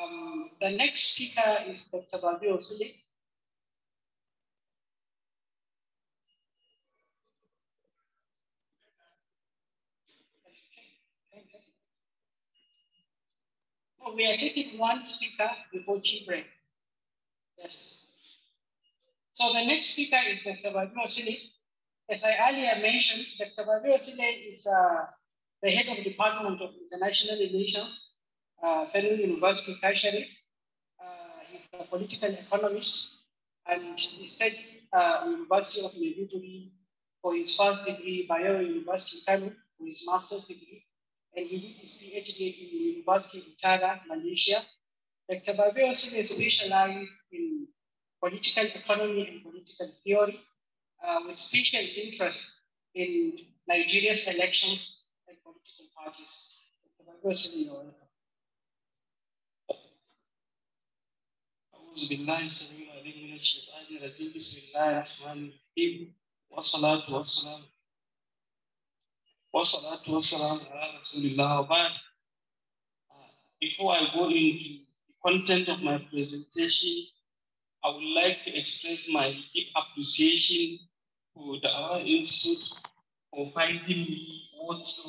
Um, the next speaker is Dr. Babi Osili. Oh, we are taking one speaker before tea break. Yes. So the next speaker is Dr. Babi Osili. As I earlier mentioned, Dr. Babi Osili is uh, the head of the Department of International Relations uh, University tertiary. Uh, he's a political economist and he studied uh, University of Maiduguri for his first degree, Bio University Kano for his master's degree, and he did his PhD in the University of Utara, Malaysia. Dr. also is specialized in political economy and political theory uh, with special interest in Nigeria's elections and political parties. Dr. Babiosine, you're welcome. أعوذ بالله السميع العليم من الشيطان الرجيم بسم الله الرحمن الرحيم والصلاة والسلام والصلاة والسلام على رسول الله وبعد Before I go into the content of my presentation, I would like to express my deep appreciation to the Our Institute for finding me what to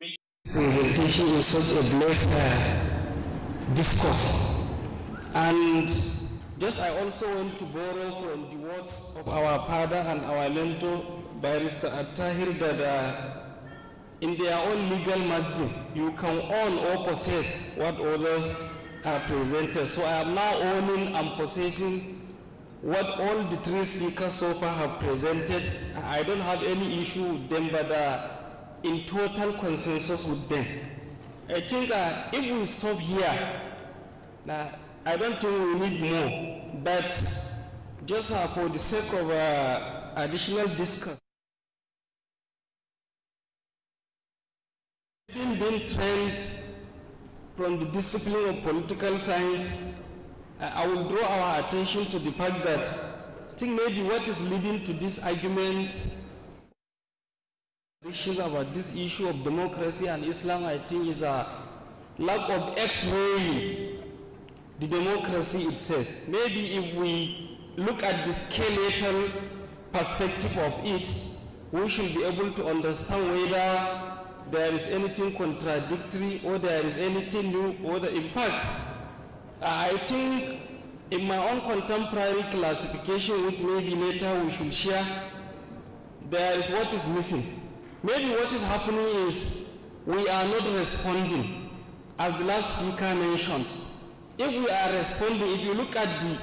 make presentation is such a blessed uh, discourse. And just I also want to borrow from the words of our father and our mentor, Barrister Attahir, that uh, in their own legal maxim, you can own or possess what others are presented. So I am now owning and possessing what all the three speakers so far have presented. I don't have any issue with them, but uh, in total consensus with them. I think uh, if we stop here, uh, I don't think we need more, but just uh, for the sake of uh, additional discussion, being trained from the discipline of political science, I will draw our attention to the fact that I think maybe what is leading to these arguments issues about this issue of democracy and Islam I think is a lack of X-ray the democracy itself. Maybe if we look at the skeletal perspective of it, we should be able to understand whether there is anything contradictory or there is anything new or the impact. I think in my own contemporary classification, which maybe later we should share, there is what is missing. Maybe what is happening is we are not responding, as the last speaker mentioned if we are responding, if you look at the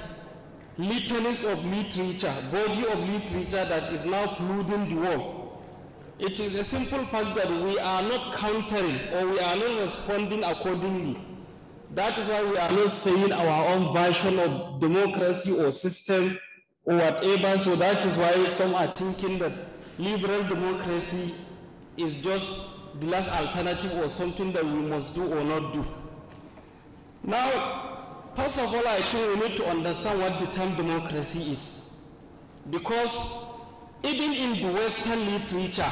litanies of literature, body of literature that is now polluting the world, it is a simple fact that we are not countering or we are not responding accordingly. That is why we are not saying our own version of democracy or system or whatever. So that is why some are thinking that liberal democracy is just the last alternative or something that we must do or not do. Now, First of all, I think we need to understand what the term democracy is. Because even in the Western literature,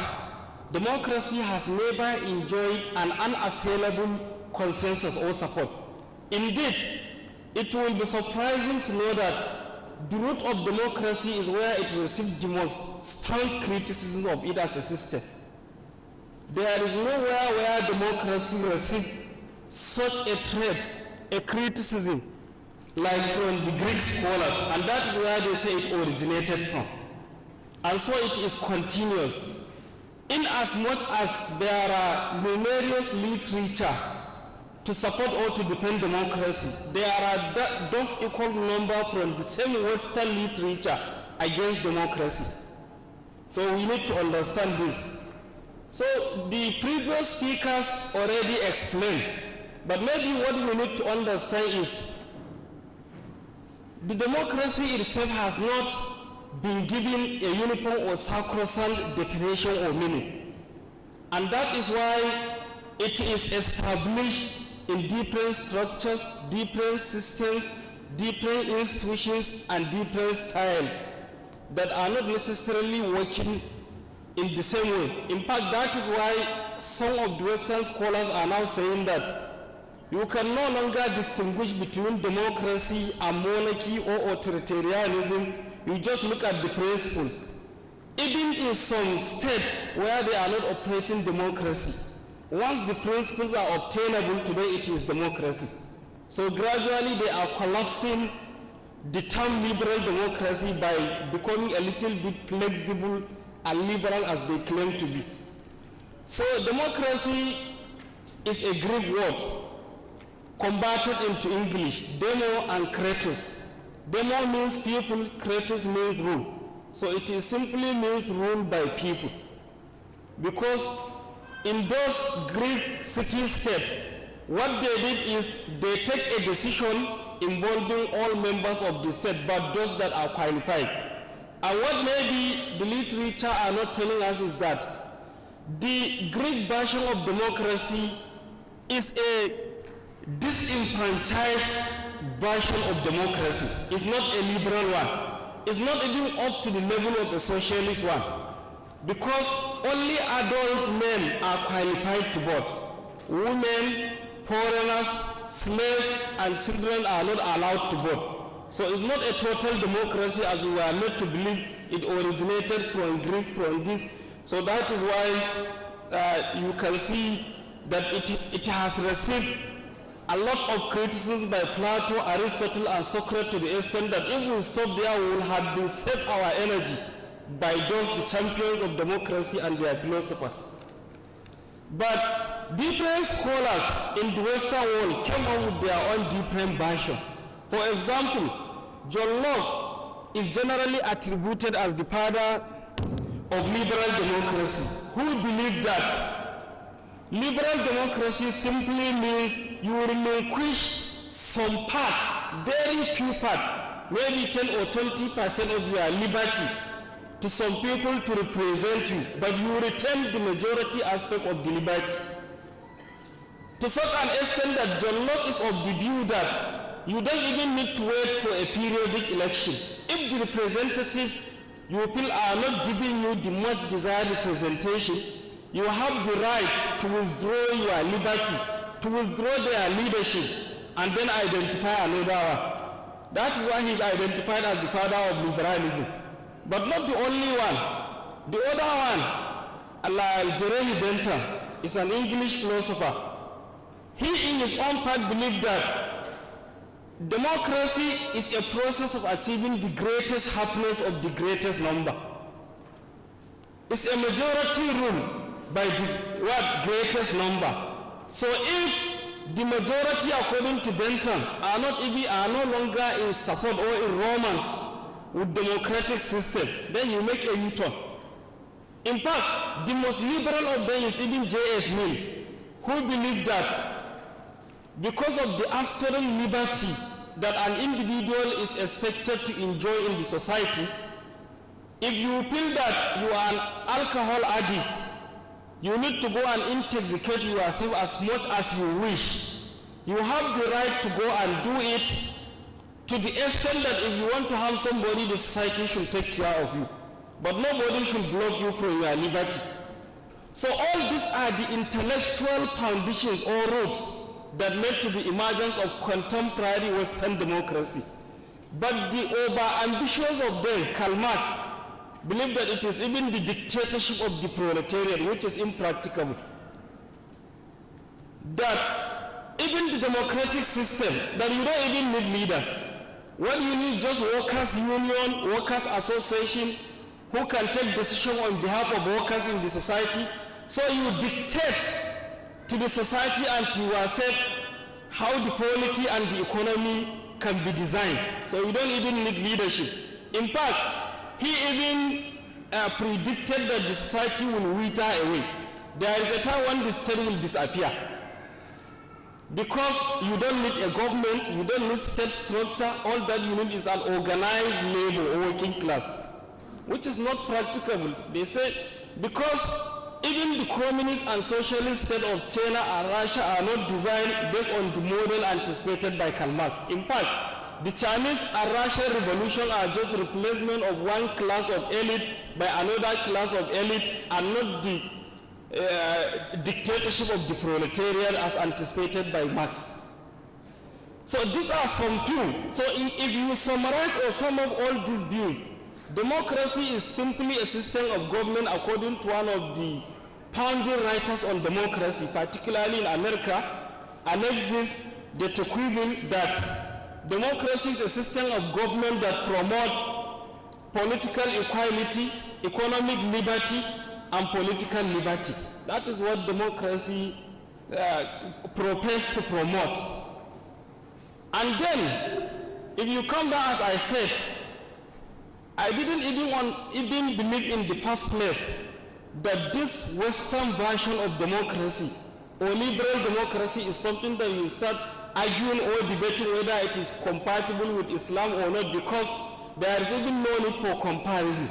democracy has never enjoyed an unassailable consensus or support. Indeed, it will be surprising to know that the root of democracy is where it received the most staunch criticism of it as a system. There is nowhere where democracy received such a threat, a criticism, like from the Greek scholars, and that is where they say it originated from. And so it is continuous. In as much as there are numerous literature to support or to defend democracy, there are that, those equal number from the same Western literature against democracy. So we need to understand this. So the previous speakers already explained, but maybe what we need to understand is the democracy itself has not been given a uniform or sacrosanct definition or meaning. And that is why it is established in different structures, different systems, different institutions, and different styles that are not necessarily working in the same way. In fact, that is why some of the Western scholars are now saying that you can no longer distinguish between democracy and monarchy or authoritarianism. You just look at the principles. Even in some states where they are not operating democracy, once the principles are obtainable, today it is democracy. So gradually they are collapsing the term liberal democracy by becoming a little bit flexible and liberal as they claim to be. So democracy is a Greek word converted into English, demo and kratos. Demo means people, kratos means rule. So it is simply means ruled by people. Because in those Greek city-state, what they did is they take a decision involving all members of the state, but those that are qualified. And what maybe the literature are not telling us is that the Greek version of democracy is a disenfranchised version of democracy is not a liberal one. It's not even up to the level of the socialist one. Because only adult men are qualified to vote. Women, foreigners, slaves, and children are not allowed to vote. So it's not a total democracy as we were led to believe it originated from Greek, from this. So that is why uh, you can see that it, it has received a lot of criticism by Plato, Aristotle, and Socrates to the extent that if we stop there, we will have been saved our energy by those the champions of democracy and their philosophers. But different scholars in the Western world came up with their own different version. For example, John Locke is generally attributed as the father of liberal democracy, who believed that Liberal democracy simply means you relinquish some part, very few part, maybe 10 or 20% of your liberty to some people to represent you, but you retain the majority aspect of the liberty. To such an extent that John Locke is of the view that you don't even need to wait for a periodic election. If the representative you feel are not giving you the much desired representation, you have the right to withdraw your liberty, to withdraw their leadership, and then identify another one. That is why he's identified as the father of liberalism. But not the only one. The other one, Al Jeremy Bentham, is an English philosopher. He, in his own part, believed that democracy is a process of achieving the greatest happiness of the greatest number. It's a majority rule by the what, greatest number. So if the majority, according to Benton, are not even are no longer in support or in romance with democratic system, then you make a U-turn. In fact, the most liberal of them is even J.S. Mill, who believed that because of the absolute liberty that an individual is expected to enjoy in the society, if you feel that you are an alcohol addict You need to go and intoxicate yourself as much as you wish. You have the right to go and do it to the extent that if you want to harm somebody, the society should take care of you. But nobody should block you from your liberty. So all these are the intellectual foundations or roots that led to the emergence of contemporary Western democracy. But the over-ambitions of them, Karl Marx, believe that it is even the dictatorship of the proletariat which is impracticable. That even the democratic system, that you don't even need leaders. What you need just workers' union, workers' association, who can take decision on behalf of workers in the society. So you dictate to the society and to yourself how the polity and the economy can be designed. So you don't even need leadership. In fact, he even uh, predicted that the society will wither away. There is a time when the state will disappear. Because you don't need a government, you don't need state structure, all that you need is an organized labor or working class, which is not practicable. They say, because even the communist and socialist state of China and Russia are not designed based on the model anticipated by Karl Marx. In fact, the Chinese and Russian revolution are just replacement of one class of elite by another class of elite and not the uh, dictatorship of the proletariat as anticipated by Marx. So these are some few. So if you summarize or sum up all these views, democracy is simply a system of government according to one of the founding writers on democracy, particularly in America, Alexis de Tocqueville, that Democracy is a system of government that promotes political equality, economic liberty, and political liberty. That is what democracy uh, to promote. And then, if you come back, as I said, I didn't even, want, even believe in the first place that this Western version of democracy or liberal democracy is something that you start arguing or debating whether it is compatible with Islam or not because there is even no need for comparison.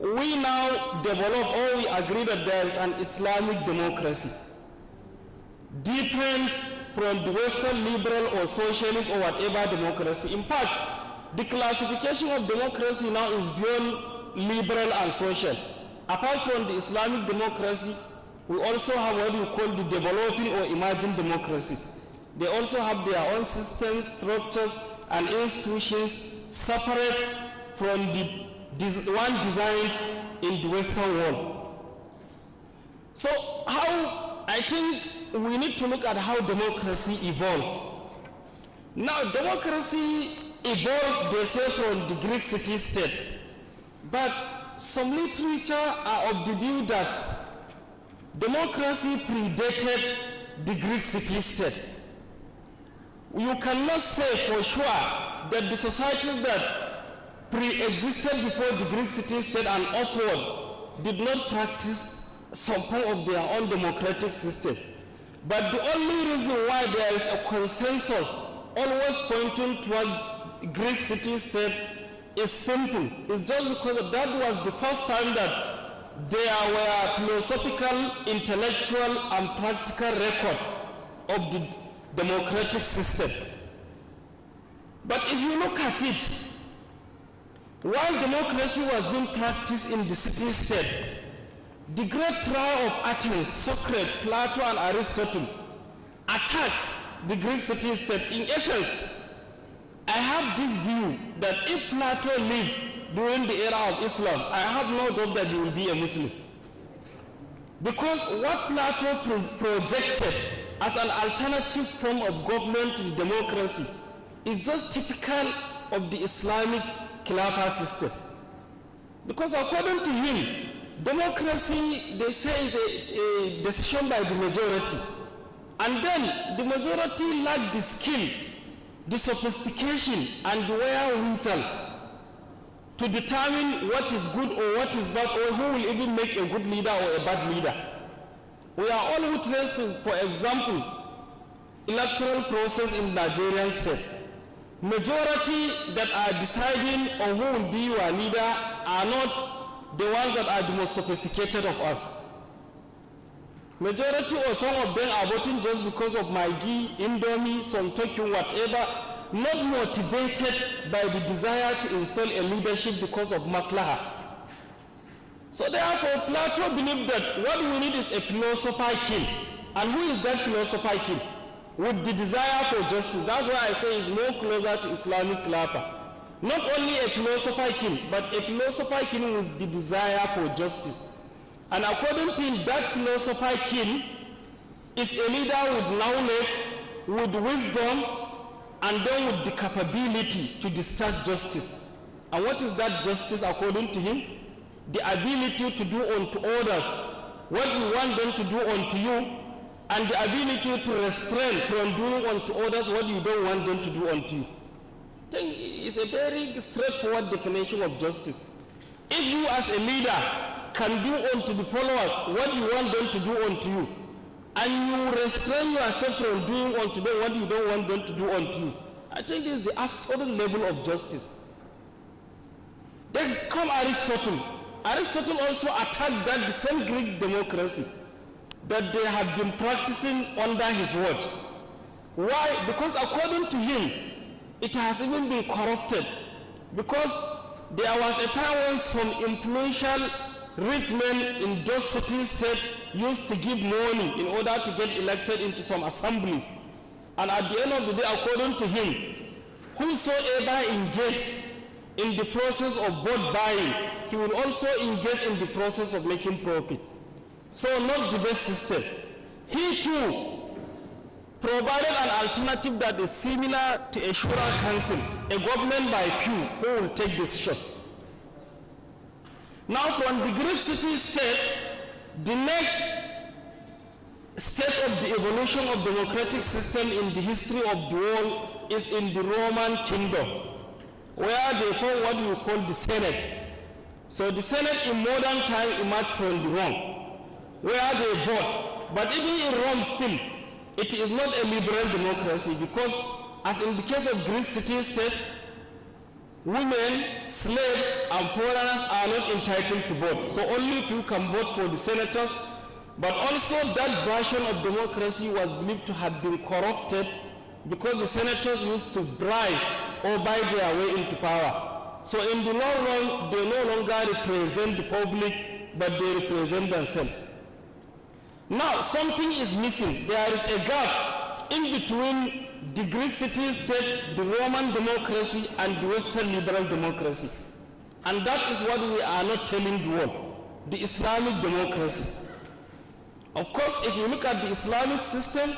We now develop or we agree that there is an Islamic democracy different from the Western liberal or socialist or whatever democracy. In fact, the classification of democracy now is beyond liberal and social. Apart from the Islamic democracy, we also have what we call the developing or emerging democracies. They also have their own systems, structures, and institutions separate from the one designed in the Western world. So how, I think we need to look at how democracy evolved. Now democracy evolved, they say, from the Greek city-state. But some literature are of the view that democracy predated the Greek city-state. You cannot say for sure that the societies that pre-existed before the Greek city-state and upward did not practice some form of their own democratic system. But the only reason why there is a consensus always pointing toward Greek city-state is simple. It's just because that was the first time that there were philosophical, intellectual, and practical record of the democratic system. But if you look at it, while democracy was being practiced in the city-state, the great trial of Athens, Socrates, Plato, and Aristotle attacked the Greek city-state. In essence, I have this view that if Plato lives during the era of Islam, I have no doubt that he will be a Muslim. Because what Plato pro projected as an alternative form of government to democracy is just typical of the Islamic Khilafah system. Because according to him, democracy, they say, is a, a decision by the majority. And then the majority lack the skill, the sophistication, and the wherewithal to determine what is good or what is bad or who will even make a good leader or a bad leader. We are all witness to, for example, electoral process in Nigerian state. Majority that are deciding on who will be our leader are not the ones that are the most sophisticated of us. Majority or some of them are voting just because of Maggi, Indomie, some turkey, whatever, not motivated by the desire to install a leadership because of maslaha. So therefore, Plato believed that what we need is a philosopher king. And who is that philosopher king? With the desire for justice. That's why I say it's more closer to Islamic Lapa. Not only a philosopher king, but a philosopher king with the desire for justice. And according to him, that philosopher king is a leader with knowledge, with wisdom, and then with the capability to discharge justice. And what is that justice according to him? the ability to do unto others what you want them to do unto you, and the ability to restrain from doing unto others what you don't want them to do unto you. I think it's a very straightforward definition of justice. If you as a leader can do unto the followers what you want them to do unto you, and you restrain yourself from doing unto them what you don't want them to do unto you, I think this is the absolute level of justice. Then come Aristotle, Aristotle also attacked that the same Greek democracy that they had been practicing under his watch. Why? Because according to him, it has even been corrupted. Because there was a time when some influential rich men in those city states used to give money in order to get elected into some assemblies. And at the end of the day, according to him, whosoever engaged in the process of vote buying he will also engage in the process of making profit. So not the best system. He too provided an alternative that is similar to a shura council, a government by few who will take decision. Now from the great city state, the next stage of the evolution of democratic system in the history of the world is in the Roman kingdom, where they form what we call the Senate, so the Senate in modern time emerged from Rome, where they vote. But even in Rome still, it is not a liberal democracy because as in the case of Greek city-state, women, slaves, and foreigners are not entitled to vote. So only people can vote for the senators. But also that version of democracy was believed to have been corrupted because the senators used to bribe or buy their way into power. So in the long run, they no longer represent the public, but they represent themselves. Now, something is missing. There is a gap in between the Greek city-state, the Roman democracy, and the Western liberal democracy. And that is what we are not telling the world, the Islamic democracy. Of course, if you look at the Islamic system,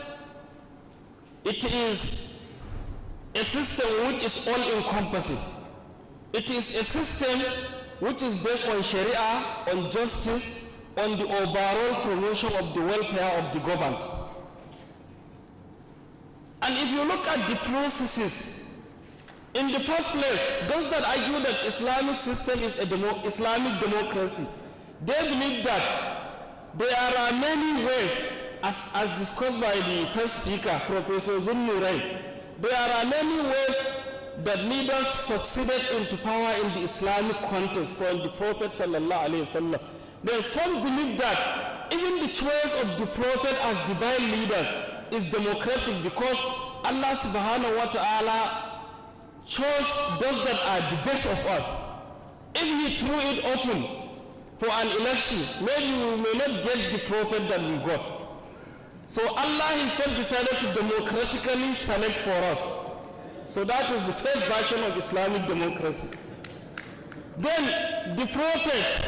it is a system which is all-encompassing. It is a system which is based on Sharia, on justice, on the overall promotion of the welfare of the governed. And if you look at the processes, in the first place, those that argue that Islamic system is a demo Islamic democracy, they believe that there are many ways, as, as discussed by the first speaker, Professor Zunnurai, there are many ways that leaders succeeded into power in the Islamic context from the Prophet sallallahu There are some believe that even the choice of the Prophet as divine leaders is democratic because Allah subhanahu wa ta'ala chose those that are the best of us. If he threw it open for an election, maybe we may not get the Prophet that we got. So Allah himself decided to democratically select for us. So that is the first version of Islamic democracy. Then the prophets,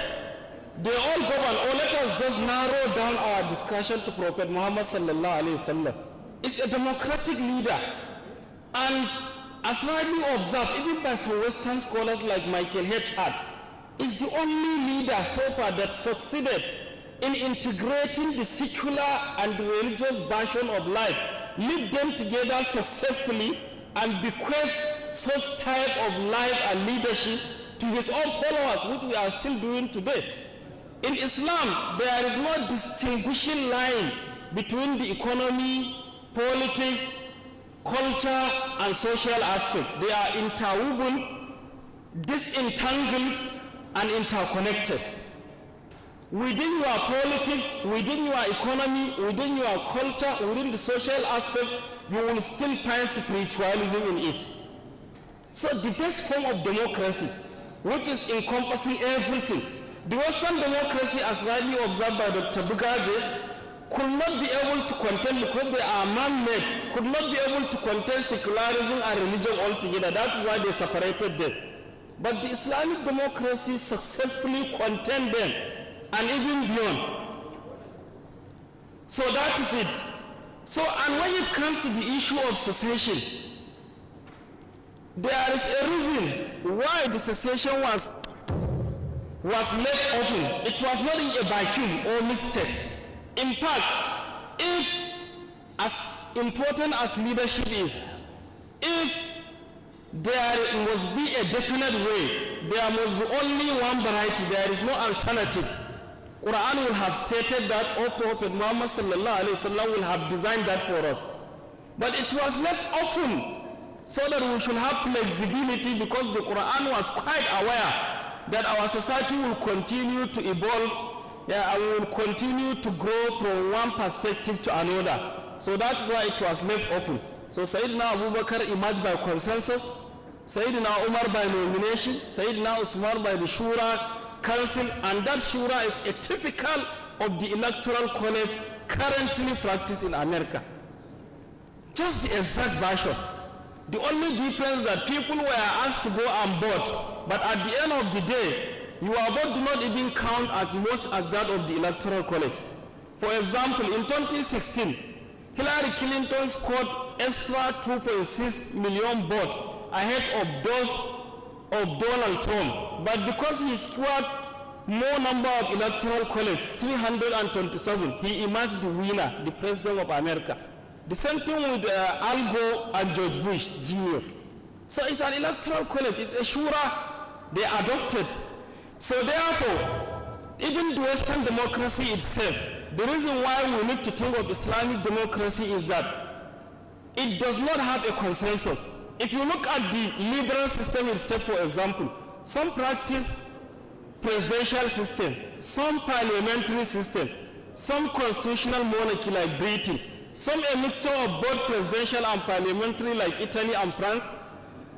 they all govern. Or oh, let us just narrow down our discussion to Prophet Muhammad sallallahu alaihi wasallam. It's a democratic leader, and as rightly observed, even by some Western scholars like Michael H. Hart, is the only leader so far that succeeded in integrating the secular and religious version of life, live them together successfully and bequeath such type of life and leadership to his own followers, which we are still doing today. In Islam, there is no distinguishing line between the economy, politics, culture, and social aspect. They are interwoven, disentangled, and interconnected. Within your politics, within your economy, within your culture, within the social aspect, you will still find spiritualism in it. So the best form of democracy, which is encompassing everything, the Western democracy, as rightly observed by Dr. Bugaje, could not be able to contain, because they are man-made, could not be able to contain secularism and religion altogether. That is why they separated them. But the Islamic democracy successfully contained them, and even beyond. So that is it. So, and when it comes to the issue of secession, there is a reason why the secession was, was left open. It was not a vacuum or mistake. In fact, if, as important as leadership is, if there must be a definite way, there must be only one variety, there is no alternative Quran will have stated that or Prophet Muhammad sallallahu alayhi wasallam will have designed that for us. But it was left open so that we should have flexibility because the Quran was quite aware that our society will continue to evolve yeah, and will continue to grow from one perspective to another. So that's why it was left open. So Sayyidina Abu Bakr emerged by consensus, Sayyidina Umar by nomination, Sayyidina Usman by the Shura, council and that shura is a typical of the electoral college currently practiced in America. Just the exact version. The only difference that people were asked to go and vote, but at the end of the day, your vote do not even count as much as that of the electoral college. For example, in 2016, Hillary Clinton scored extra 2.6 million votes ahead of those of Donald Trump, but because he scored more number of electoral college, 327, he emerged the winner, the president of America. The same thing with uh, Al Gore and George Bush Jr. So it's an electoral college, it's a shura, they adopted. So therefore, even the Western democracy itself, the reason why we need to think of Islamic democracy is that it does not have a consensus. If you look at the liberal system itself, for example, some practice presidential system, some parliamentary system, some constitutional monarchy like Britain, some a mixture of both presidential and parliamentary like Italy and France,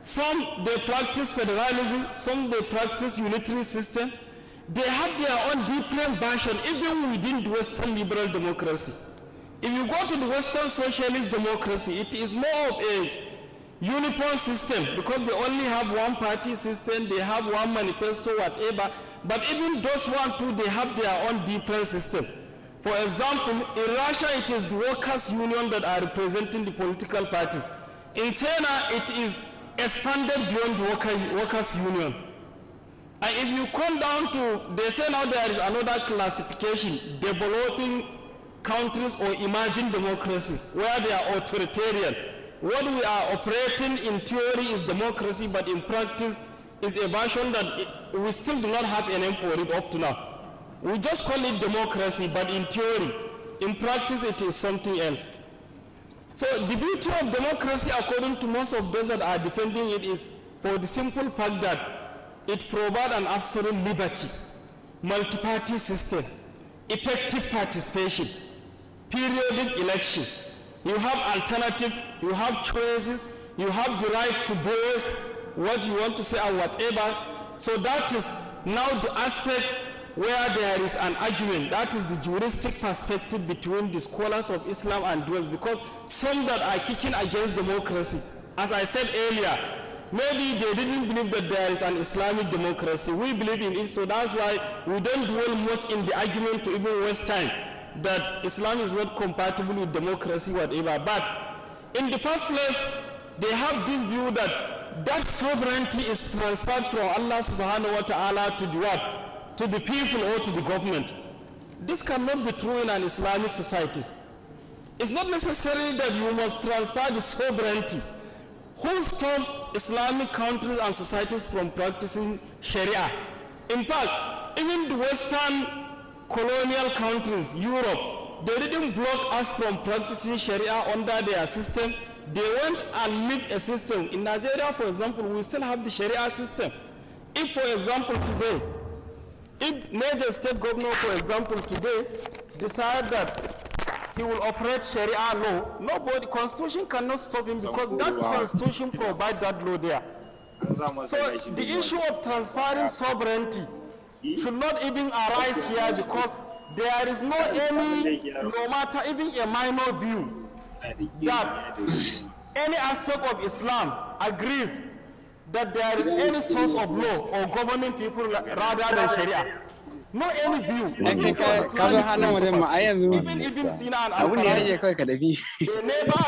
some they practice federalism, some they practice unitary system. They have their own different version even within the Western liberal democracy. If you go to the Western socialist democracy, it is more of a uniform system because they only have one party system, they have one manifesto, whatever. But even those one two, they have their own different system. For example, in Russia, it is the workers' union that are representing the political parties. In China, it is expanded beyond worker, workers' unions. And if you come down to, they say now there is another classification, developing countries or emerging democracies, where they are authoritarian. What we are operating in theory is democracy, but in practice is a version that we still do not have a name for it up to now. We just call it democracy, but in theory, in practice it is something else. So the beauty of democracy, according to most of those that are defending it, is for the simple fact that it provides an absolute liberty, multi-party system, effective participation, periodic election, you have alternative, you have choices, you have the right to voice what you want to say or whatever. So that is now the aspect where there is an argument. That is the juristic perspective between the scholars of Islam and those because some that are kicking against democracy. As I said earlier, maybe they didn't believe that there is an Islamic democracy. We believe in it, so that's why we don't dwell much in the argument to even waste time that Islam is not compatible with democracy, whatever. But in the first place, they have this view that that sovereignty is transferred from Allah subhanahu wa ta'ala to the what? To the people or to the government. This cannot be true in an Islamic society. It's not necessary that you must transfer the sovereignty. Who stops Islamic countries and societies from practicing Sharia? In fact, even the Western colonial countries, Europe, they didn't block us from practicing Sharia under their system. They went and made a system. In Nigeria, for example, we still have the Sharia system. If, for example, today, if Niger State Governor, for example, today, decide that he will operate Sharia law, nobody, constitution cannot stop him because that constitution provides that law there. So the issue of transferring sovereignty should not even arise here because there is no any, no matter even a minor view, that any aspect of Islam agrees that there is any source of law or governing people rather than Sharia. no any view bill ka ka zo hannun wajen ma a yanzu abin da ya rage kawai ka dafi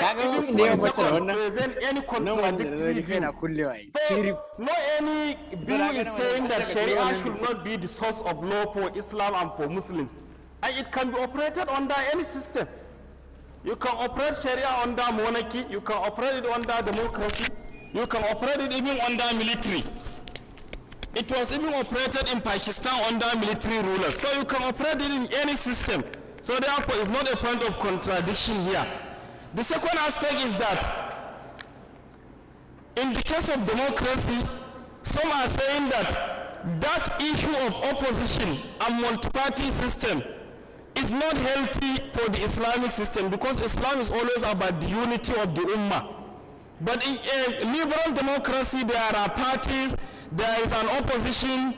ka ga wani da ya mace wannan present any contradictory kai na kullewa yi no any view is saying that sharia should not be the source of law for islam and for muslims and it can be operated under any system you can operate sharia under monarchy you can operate it under democracy you can operate it even under military It was even operated in Pakistan under military rulers. So you can operate it in any system. So therefore, it's not a point of contradiction here. The second aspect is that in the case of democracy, some are saying that that issue of opposition and multi-party system is not healthy for the Islamic system because Islam is always about the unity of the Ummah. But in a liberal democracy, there are parties, there is an opposition,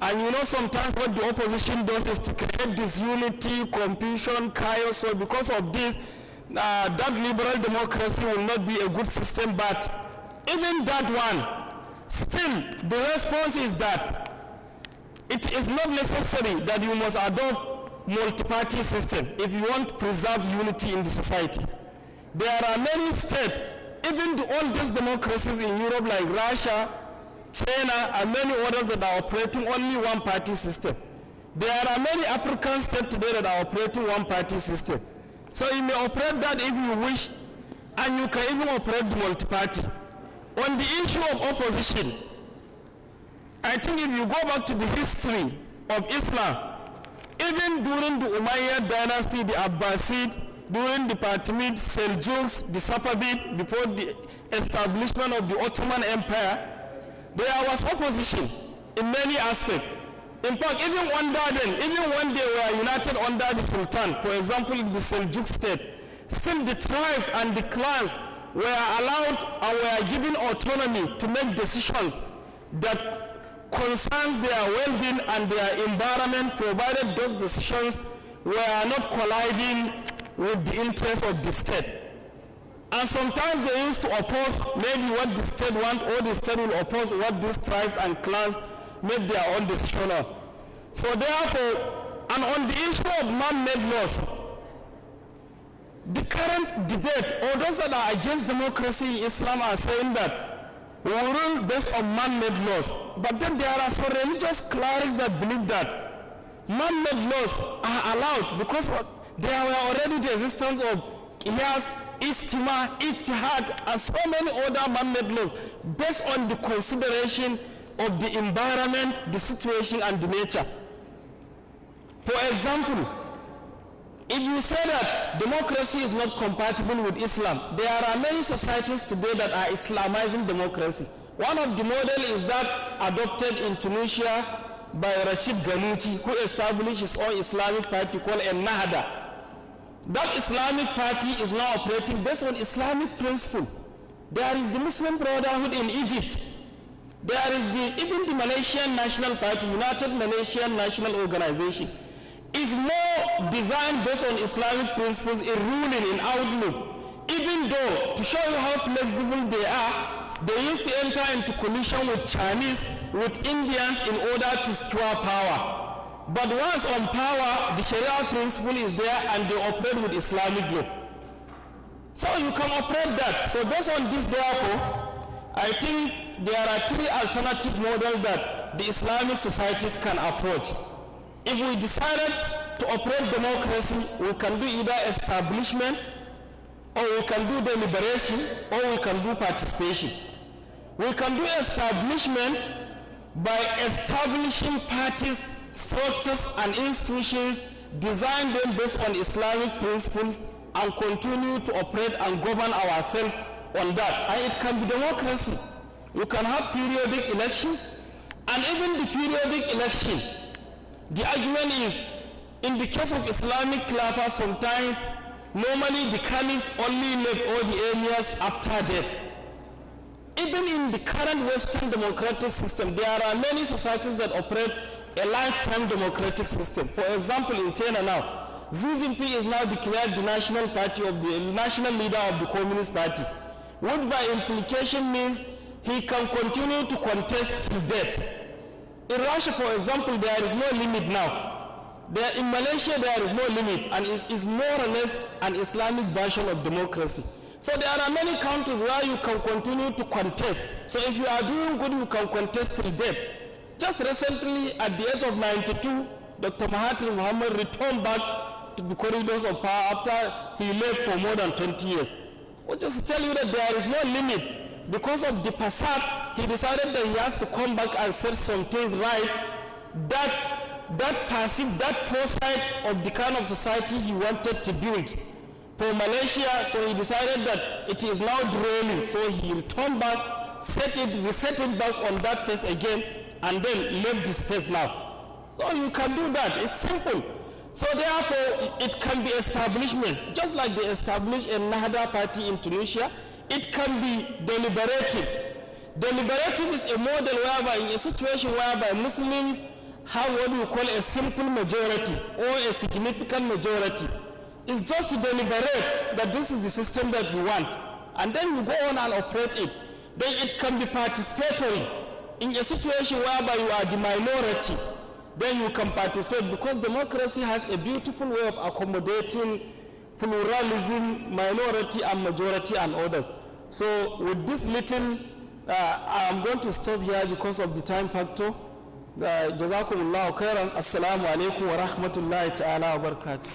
and you know sometimes what the opposition does is to create disunity, confusion, chaos. So because of this, uh, that liberal democracy will not be a good system. But even that one, still the response is that it is not necessary that you must adopt multi-party system if you want to preserve unity in the society. There are many states, even the oldest democracies in Europe like Russia, China, and many others that are operating only one party system. There are many African states today that are operating one party system. So you may operate that if you wish, and you can even operate multi-party. On the issue of opposition, I think if you go back to the history of Islam, even during the Umayyad dynasty, the Abbasid, during the Fatimid, Seljuks, the Safavid, before the establishment of the Ottoman Empire, there was opposition in many aspects. In fact, even under them, even when they were united under the Sultan, for example, the Seljuk state, still the tribes and the clans were allowed and were given autonomy to make decisions that concerns their well-being and their environment, provided those decisions were not colliding with the interests of the state. And sometimes they used to oppose maybe what the state want or the state will oppose what these tribes and clans made their own decision on. So therefore, and on the issue of man-made laws, the current debate, or those that are against democracy in Islam are saying that we rule based on man-made laws. But then there are some religious clerics that believe that man-made laws are allowed because they were already the existence of he has istima, istihad, and so many other man-made laws based on the consideration of the environment, the situation, and the nature. For example, if you say that democracy is not compatible with Islam, there are many societies today that are Islamizing democracy. One of the models is that adopted in Tunisia by Rashid Ghanouchi, who established his own Islamic party called Ennahda. That Islamic party is now operating based on Islamic principle. There is the Muslim Brotherhood in Egypt. There is the, even the Malaysian National Party, United Malaysian National Organization, is more designed based on Islamic principles in ruling, in outlook. Even though, to show you how flexible they are, they used to enter into collision with Chinese, with Indians in order to secure power. But once on power, the Sharia principle is there and they operate with Islamic law. So you can operate that. So based on this therefore, I think there are three alternative models that the Islamic societies can approach. If we decided to operate democracy, we can do either establishment, or we can do deliberation, or we can do participation. We can do establishment by establishing parties structures and institutions, design them based on Islamic principles, and continue to operate and govern ourselves on that. And it can be democracy. You can have periodic elections, and even the periodic election, the argument is, in the case of Islamic clappers, sometimes, normally the caliphs only left all the areas after death. Even in the current Western democratic system, there are many societies that operate a lifetime democratic system. For example, in China now, Xi Jinping is now declared the national party of the national leader of the Communist Party, which by implication means he can continue to contest till death. In Russia, for example, there is no limit now. There, in Malaysia, there is no limit, and it is more or less an Islamic version of democracy. So there are many countries where you can continue to contest. So if you are doing good, you can contest till death. Just recently, at the age of 92, Dr. Mahathir Mohamad returned back to the corridors of power after he left for more than 20 years. Well, just tell you that there is no limit. Because of the Passat, he decided that he has to come back and set some things right. That, that passive, that foresight of the kind of society he wanted to build for Malaysia, so he decided that it is now draining. So he returned back, set it, reset it back on that face again, and then leave this space now. So you can do that. It's simple. So therefore, it can be establishment, just like they established a Nahda party in Tunisia. It can be deliberative. Deliberative is a model whereby in a situation whereby Muslims have what we call a simple majority or a significant majority. It's just to deliberate that this is the system that we want. And then we go on and operate it. Then it can be participatory in a situation whereby you are the minority, then you can participate because democracy has a beautiful way of accommodating pluralism, minority and majority and others. So with this meeting, uh, I'm going to stop here because of the time factor. جزاكم الله خيرا السلام عليكم ورحمة الله تعالى وبركاته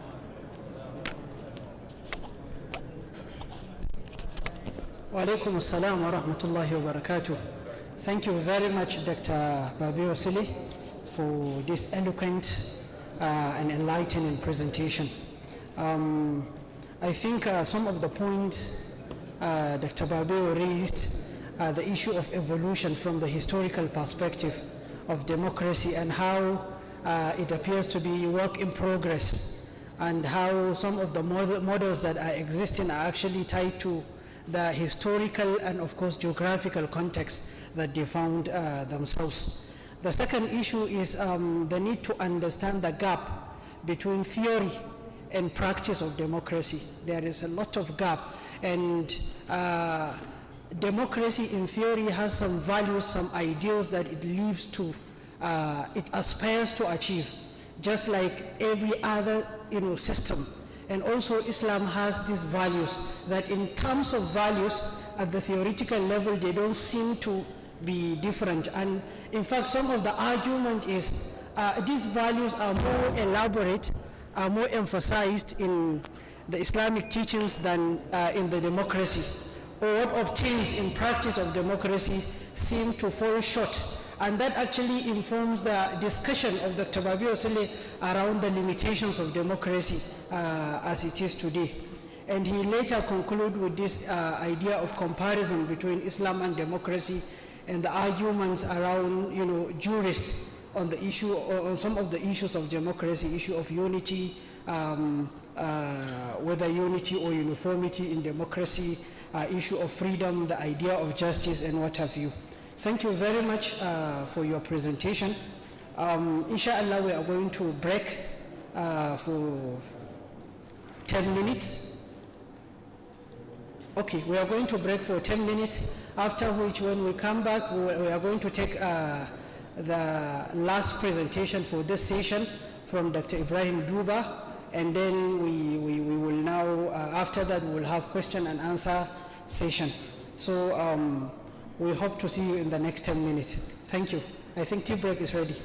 وعليكم السلام ورحمة الله وبركاته Thank you very much, Dr. Babi Osili, for this eloquent uh, and enlightening presentation. Um, I think uh, some of the points uh, Dr. Babi raised, the issue of evolution from the historical perspective of democracy and how uh, it appears to be work in progress and how some of the mod models that are existing are actually tied to the historical and of course geographical context that they found uh, themselves. The second issue is um, the need to understand the gap between theory and practice of democracy. There is a lot of gap, and uh, democracy in theory has some values, some ideals that it lives to, uh, it aspires to achieve, just like every other you know, system. And also Islam has these values that in terms of values, at the theoretical level, they don't seem to be different. And in fact, some of the argument is uh, these values are more elaborate, are more emphasized in the Islamic teachings than uh, in the democracy. Or what obtains in practice of democracy seem to fall short. And that actually informs the discussion of Dr. Babi Osele around the limitations of democracy uh, as it is today. And he later concluded with this uh, idea of comparison between Islam and democracy and the arguments around, you know, jurists on the issue, on some of the issues of democracy, issue of unity, um, uh, whether unity or uniformity in democracy, uh, issue of freedom, the idea of justice, and what have you. Thank you very much uh, for your presentation. Um, inshallah, we are going to break uh, for 10 minutes. Okay, we are going to break for 10 minutes, after which when we come back, we are going to take uh, the last presentation for this session from Dr. Ibrahim Duba, and then we, we, we will now, uh, after that, we will have question and answer session. So um, we hope to see you in the next 10 minutes. Thank you. I think tea break is ready.